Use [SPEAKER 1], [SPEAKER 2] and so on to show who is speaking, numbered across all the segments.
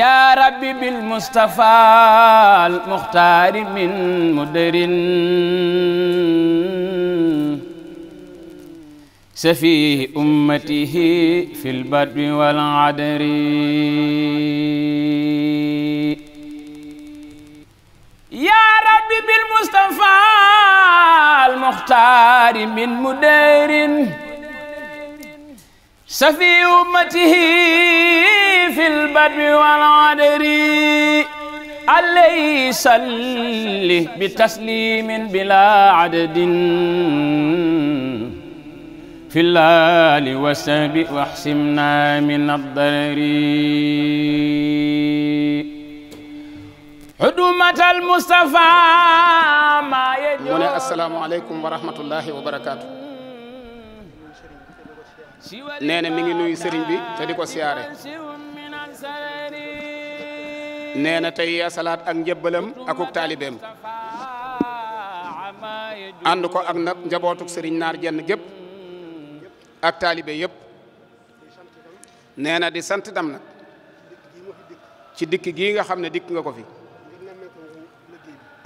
[SPEAKER 1] yaa rabbi bil mustafaal muxtaari min mudirin safi ummatihi fil badwi wal adri yaa rabbi bil mustafaal muxtaari min mudirin safi ummatihi في البر والعدر عليه صل بتسليم بلا عدد في اللال والسب واحسمنا من الضرر حدومة المصطفى ما يجوز من السلام عليكم ورحمة الله وبركاته
[SPEAKER 2] nee na mi ngi nuyu sëriñ bi te di ko siyaare nee na tey yeesalaat ak njëbbalam akuk taalibeem ànd ko ak nag njabootuk sëriñ naar jenn gépp ak taalibe yépp nee di sant dam nag ci dikk gii nga xam ne dikk nga ko fi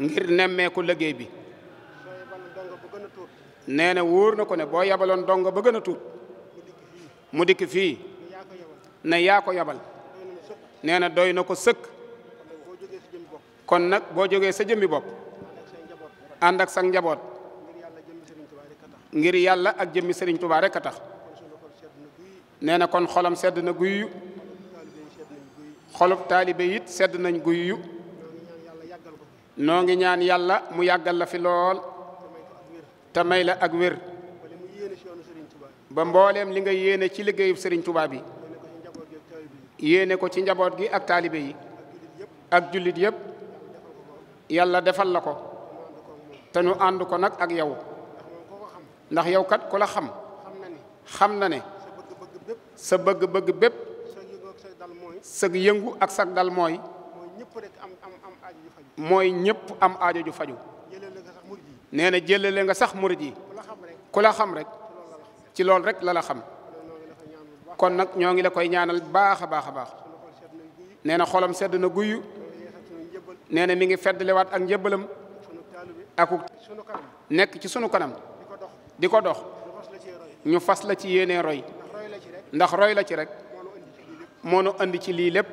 [SPEAKER 2] ngir nemmeeku liggéey bi nee na wóor na ko ne boo yabaloon dong ba gën tuut mu dikk fii na yaa ko yabal nee na doy na ko sëkk kon nag boo jógee sa jëmmi bopp ànd ak sa njaboot ngir yàlla ak jëmmi sëriñ Touba rekk a tax nee na kon xolam sedd na guyyu xolub taalibe it sedd nañ guyyu noo ngi ñaan yàlla mu yàggal la fi lool te may la ak wér ba mbooleem li nga yéene ci liggéeyub sëriñ tubaab yi yéene ko ci njaboot gi ak taalibe yi ak jullit yëpp yàlla defal la ko te nu ànd ko nag ak yow ndax yow kat ku la xam xam na ne sa bëgg-bëgg bépp sëg yëngu ak sag dal mooy mooy ñëpp am aajo ju faju nee na jëlale nga sax murit yi ku la xam rek ci loolu rek lala xam kon nag ñoo ngi la koy ñaanal baax a baax a baax nee na xolam sedd na guyu nee na mi ngi feddaliwaat ak njëbbalam aku nekk ci sunu kanam di ko dox ñu fas la ci yéenee roy ndax roy la ci rek moo nu andi ci lii lépp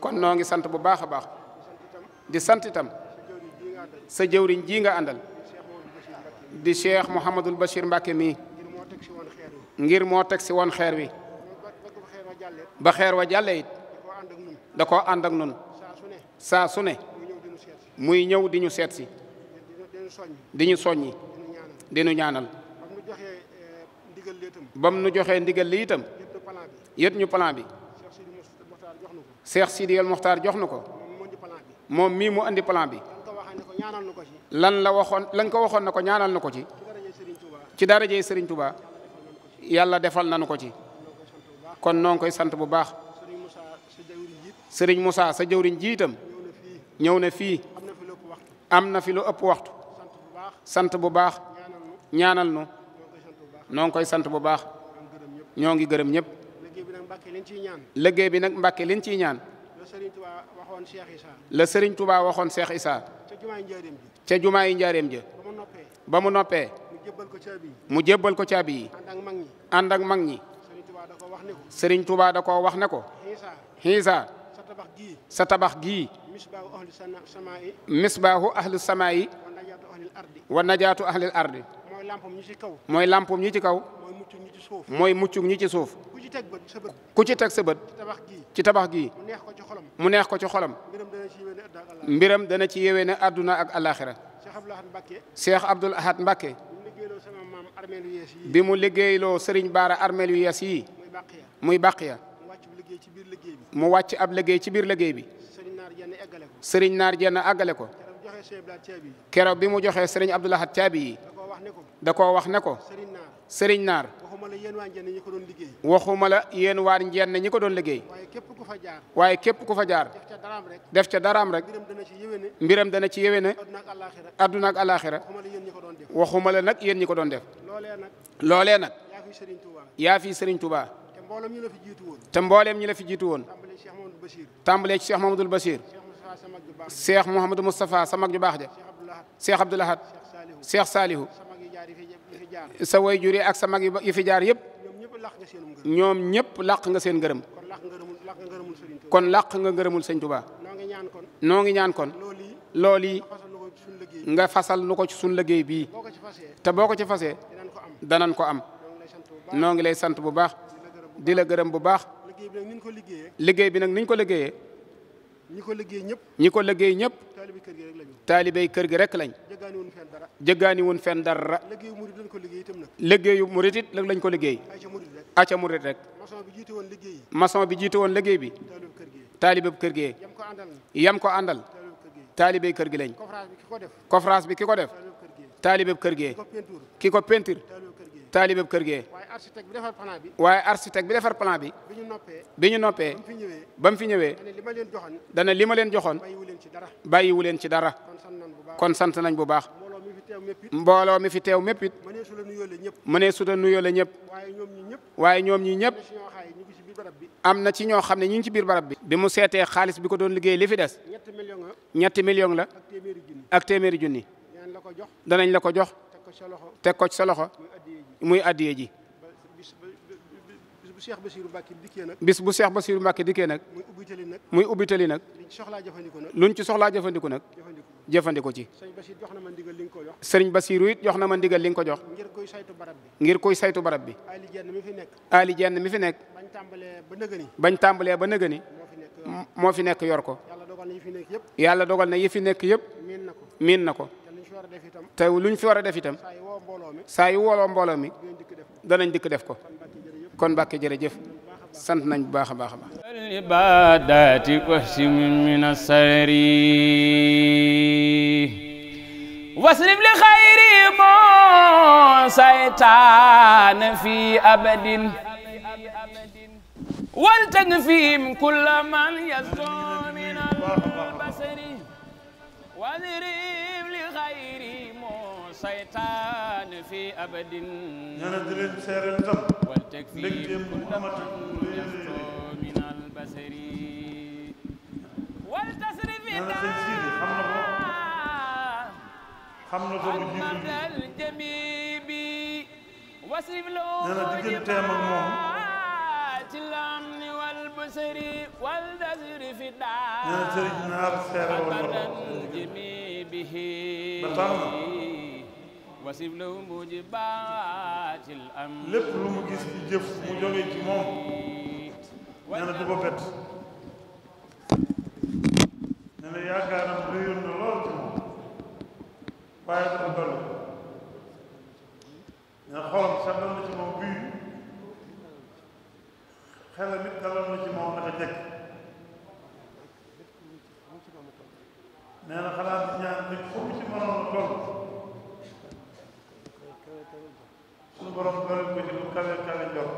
[SPEAKER 2] kon noo ngi sant bu baax a baax di sant itam sa jëwriñ jii nga àndal di cheikh Mouhamadul Bachir Mbacke mii ngir moo teg si woon xeer wi ba xeer wa jàlle da koo ànd ak nun saa su ne muy ñëw di ñu seet si di ñu soññi di ñu ñaanal bam nu joxee ndigal li itam yët ñu plan bi Seex Sidi El Moxtaar jox nu ko moom mii mu indi plan bi lan la waxoon lan ko waxoon na ko ñaanal na ko ci ci dara darajey Sëriñ Tuubaa yàlla defal nañu ko ci kon noo ngi koy sant bu baax Sëriñ Moussa sa jëwriñ jiitam ñëw ne fii am na fi lu ëpp waxtu sant bu baax ñaanal nu noo koy sant bu baax ñoo ngi gërëm ñëpp liggéey bi nag mbàkke liñ ciy ñaan la sëriñ tubaa waxoon Cheikh Issa ca jumaa yi njaareem ja ba mu noppee mu jébbal ko caabi yi ànd ak mag ñi sëriñ Touba da ko wax ne ko xiisa sa tabax gii
[SPEAKER 3] misbaahu
[SPEAKER 2] ahlu samaa yi wa najaatu ahlil ardi
[SPEAKER 3] mooy lampum ñi ci kaw
[SPEAKER 2] mooy lampum ñi ci kaw mooy muccug ñi ci suuf ku ci teg sa bët ci tabax gii mu neex ko ci xolam mbiram dana ci yéwee ne àdduna ak alaxira Cheikh Abdoul Ahad Mbacké bi mu liggéeyloo sëriñ Baara armeel yu yees yii muy bàqiya mu wàcc ab liggéey ci biir liggéey bi sëriñ naar jenn àggale ko keroog bi mu joxee sëriñ abdoulahat caabi yi da koo wax ne ko sëriñ naar waxuma la yéen waar njenn ñi ko doon liggéey waaye képp ku fa jaar
[SPEAKER 3] def ca daraam rek mbiram
[SPEAKER 2] dana ci yéwéne adduna ak alaxira waxuma la nag yéen ñi ko doon def loolee nag yaa fi sëriñ Touba te mbooleem ñi la fi jiitu woon tàmbalee ci Cheikh Mamadul Bachir
[SPEAKER 3] Cheikh Mouhamadou
[SPEAKER 2] Moustapha sa mag ju baax ja Cheikh Abdoul Ahad Cheikh Salihu sa way juri ak sa mag yi fi jaar yëpp ñoom ñëpp làq nga seen ngërëm kon làq nga ngërëmul sëñ Tuubaa noo ngi ñaan kon lool yi nga fasal nu ko ci suñ liggéey bii te boo ko ci fasee danañ ko am noo ngi lay sant bu baax di la gërëm bu baax
[SPEAKER 4] liggéey
[SPEAKER 3] bi nag niñ ko liggéeyee.
[SPEAKER 2] liggéey bi nag niñ ko liggéeyee.
[SPEAKER 3] ñi ko liggéey ñëpp.
[SPEAKER 2] ñi ko liggéey ñëpp. taalibey kër gi rek lañu. taalibey kër gi rek lañ. jëggaani woon fenn dara. jëggaani woon fenn dara. liggéeyu murit lañ ko liggéey itam nag. rek. aca bi jiite woon liggéey. maçon bi jiite woon liggéey gi. yam ko àndal. ko àndal. taalibey kër gi lañ. conférence bi ki ko def. taalibeb kër gi. ki ko pentur. taalibeb kër
[SPEAKER 3] architecte bi defar plan bi.
[SPEAKER 2] waaye architecte bi defar plan bi. bi ñu noppee. ba mu fi ñëwee. dana li ma leen joxoon. dana li ma leen joxoon. bàyyiwu leen ci dara. bàyyiwu leen ci dara. kon sant nañ bu baax. mbooloo mi fi teew mépp it. mënee
[SPEAKER 3] su la nuyoole su
[SPEAKER 2] la nuyoole ñëpp.
[SPEAKER 3] waaye ñoom ñi ñëpp. waaye ñoom ñi ñëpp.
[SPEAKER 2] am na ci ñoo xam ne ñu ngi ci biir barab bi. bi mu seetee xaalis bi ko doon liggéey li fi des. ñetti million la. ñetti million la. ak téeméeri junni. danañ la ko jox. teg ko ci sa loxo.
[SPEAKER 3] muy addiye ji. bu Cheikh Bassirou Mbacké dikkee nag. bis bu
[SPEAKER 2] Cheikh Bassirou Mbacké dikkee nag.
[SPEAKER 3] muy ubbitali nag. muy ubbitali nag. luñ ci soxlaa jëfandiku nag. luñ ci
[SPEAKER 2] soxlaa jëfandiku nag. jëfandiku ci.
[SPEAKER 3] sëriñ Bassirou jox na ma ndigal li nga ko jox.
[SPEAKER 2] sëriñ Bassirou it jox na ma ndigal li nga ko jox.
[SPEAKER 3] ngir koy saytu barab bi.
[SPEAKER 2] ngir koy saytu barab bi.
[SPEAKER 3] Ali Jenn mi fi nekk.
[SPEAKER 2] Ali nekk.
[SPEAKER 3] bañ tàmbalee ba nëgëni.
[SPEAKER 2] bañ tàmbalee ba nëgëni. moo fi nekk yor ko. yàlla dogal na yi fi nekk yëpp. miin na ko. tey luñ fi war a def itam. saa yu woo mbooloo mi. danañ dikk def ko kon Mbàkke jërëjëf sant nañ bu baax a baax a baax
[SPEAKER 1] ibadati kohsim min asari waslib li xayri moo saytaan fi abadin waltag fihim kulla man yastu min albasari wasrib li xayri moo saytaan fi abadin
[SPEAKER 4] ñana di leen seeral tam ndegteem bu
[SPEAKER 1] amatul léeg-léeg nee na sëñ Sidi xam na ko
[SPEAKER 4] xam na ko bu jiitu
[SPEAKER 1] bi nee na digganteem ak moom
[SPEAKER 4] nee na sëriñ naar seere woon na ko ba
[SPEAKER 1] tax na wasib lahu mujibaatil am lépp lu mu gis ci jëf mu jóge ci moom nee na du ko bett nee na yaakaaram
[SPEAKER 4] réyoon ci moom waaye dafa dolli nee na xolam ci moom bii xelam it dalal na ci moom naka jekk
[SPEAKER 1] nee xalaat ñaan nit mu ci mënoon a toll
[SPEAKER 4] borom dooleel ko ci lu kawe kawe njor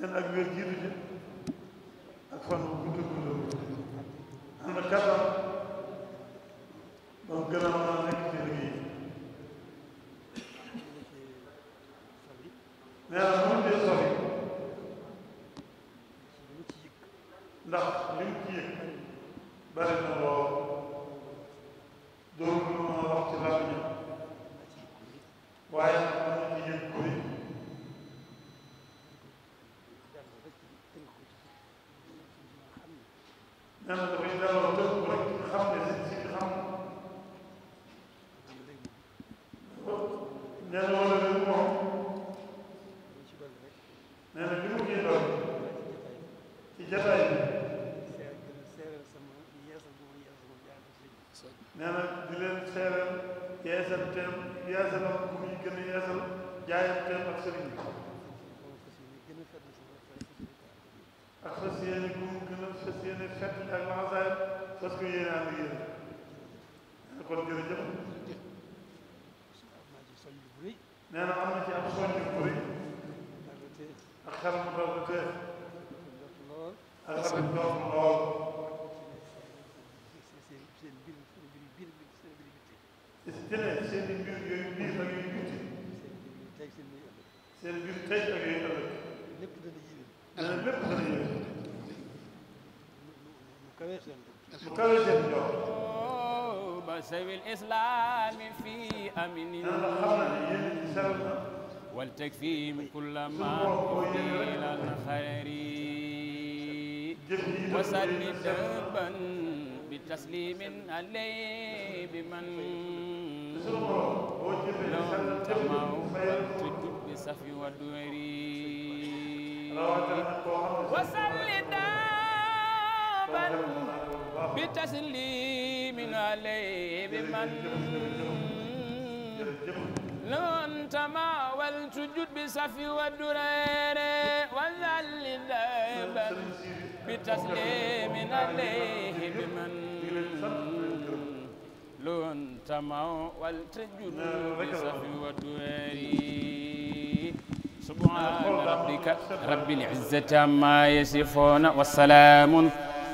[SPEAKER 4] leen ak wér jiitu ak fan bu gudd gudd am na kattan ba mu gën nee na dafay delloo lépp rek xam ne si si xam
[SPEAKER 1] nee na wala li mu moom
[SPEAKER 4] nee na li mu ciy doon ci jataay na di leen seeral yeesal teem yeesal bu muy gën a yeesal jaayam teem ak sëriñ bi ak fas yéene fàttali ak laxasaayam parce que yéen ànd yéen kon jërëjëf nee na am na ci ab soññ bu rëy ak xel mu doon bu tee ak xel mu doon lool jëlee seen i mbir yooyu biir ak yooyu bitti seen mbir tey ak yooyu ëllëg lépp dana kawe seen njort kawe seen njort
[SPEAKER 1] ba sawil islam fi amin yàlla xam na ne yéen ñi sell na wal takfi min kulli ma ila al khayri wa salli daban bi taslimin alay bi man law tamaw tujub bi safi wa duwari wa salli بتسليم عليه بمن لو أنت ما والتجد بسفي ودرير وذل دائما بتسليم عليه بمن لو أنت ما والتجد بسفي ودرير سبحان ربك رب العزة ما يصفون والسلام